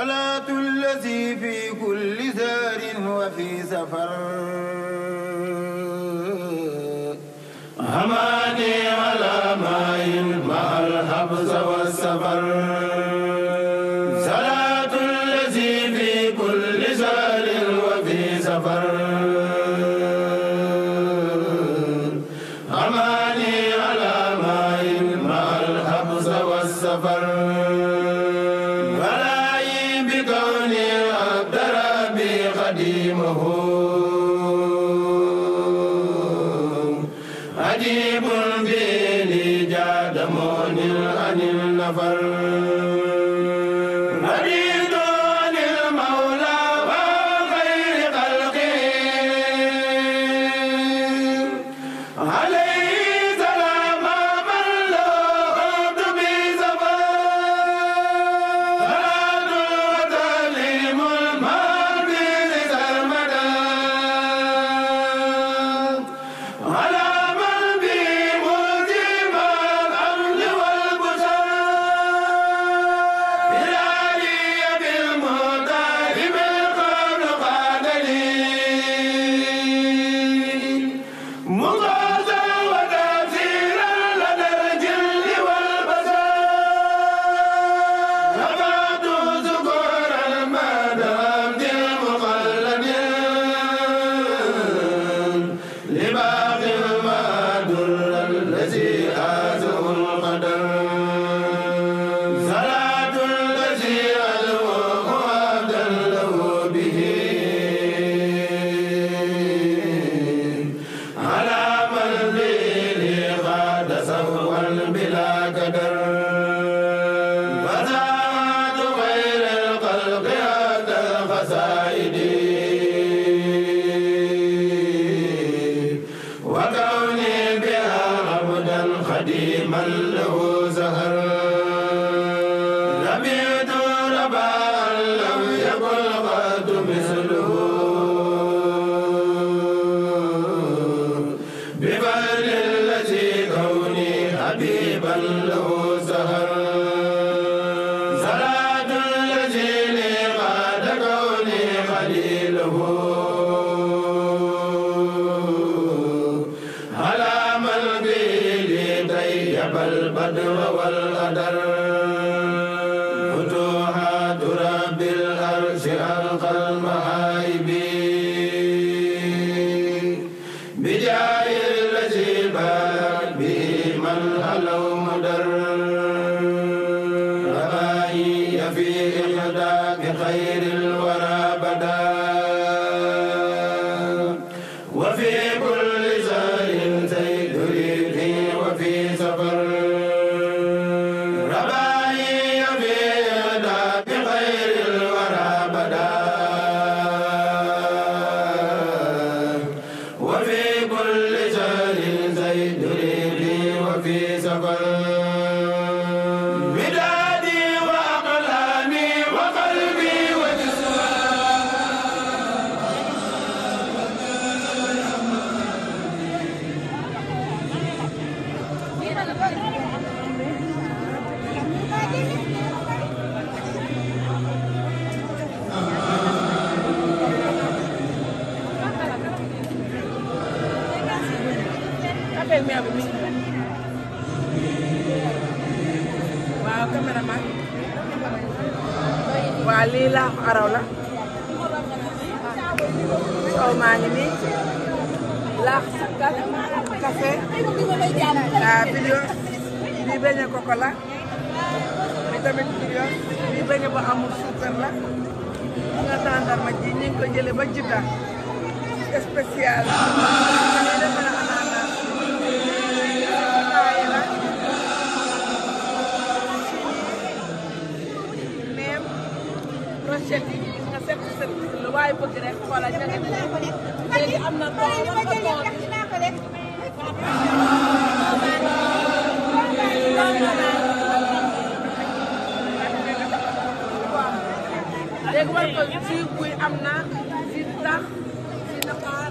صلاة الذي في كل زار وفي سفر هماني على ماء مع الحبس والسفر صلاة الذي في كل زار وفي سفر عجيب به لي جاد مون عن النفر وكوني بها عبدا خديما له زهر ربيت رباء لم يكن قد مثله بفعل الذي كوني حبيبا له زهر waa lii laaxu araw la soow maa ngi nii lax café ah birios bii beñe koko la bi tamit birios ba amul suukar la nga tàndarma ji ñu ko jële ba Jidda spécial looy bëgg rek voilà ñu ne léegi am na tool am na tool léegi war ko ci buy am na ci tax ci naqaar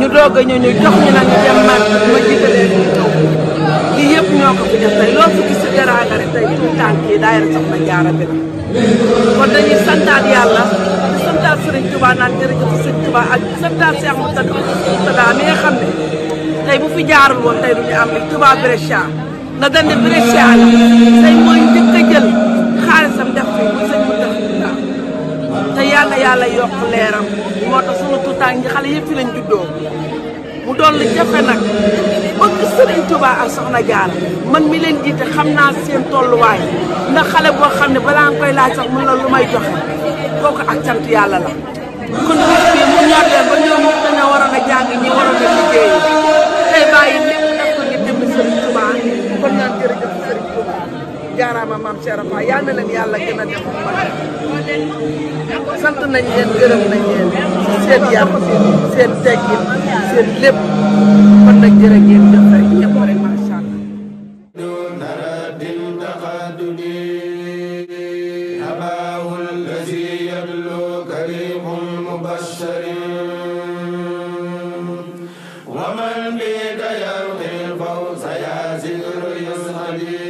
ñu doog a ñëw ñu jox ñu nag ñu dem ma jiitalee ñu taw yëpp ñoo ko fi def tey loo fi gis si teraanga rek tey tout tànk yi daayira Soxna Jaara bi kon dañuy santaat yàlla di santaat Serigne Touba naan jërëjëf Serigne Touba ak di santaat li na dandi Brescia la tey mooy njëkk a jël xaalisam def fi bu sëñ Moustapha te yal na yàlla yokk leeram moo tax sunu tuutàng yi xale yëpp fi lañ juddoo mu doon lu jafe nag bëgg sëriñ Touba ak soxna Diarra man mi leen jiite xam naa seen tolluwaay ndax xale boo xam ne balaa nga koy laaj sax mun la lu may joxe kooku ak cant yàlla la. kon nit ñi mu ñor leen ba ñoom dañoo waroon a jàng ñi waroon a liggéeyi tey bàyyi jaaraama maam Cheikh Fall yal na leen yàlla gën a def sant nañ leen gërëm nañ leen seen yar seen teggin seen lépp kon nag jërë ngeen jëf rek ñëpp rek macha allah. ومن بك يرضي الفوز يا زر يصعدي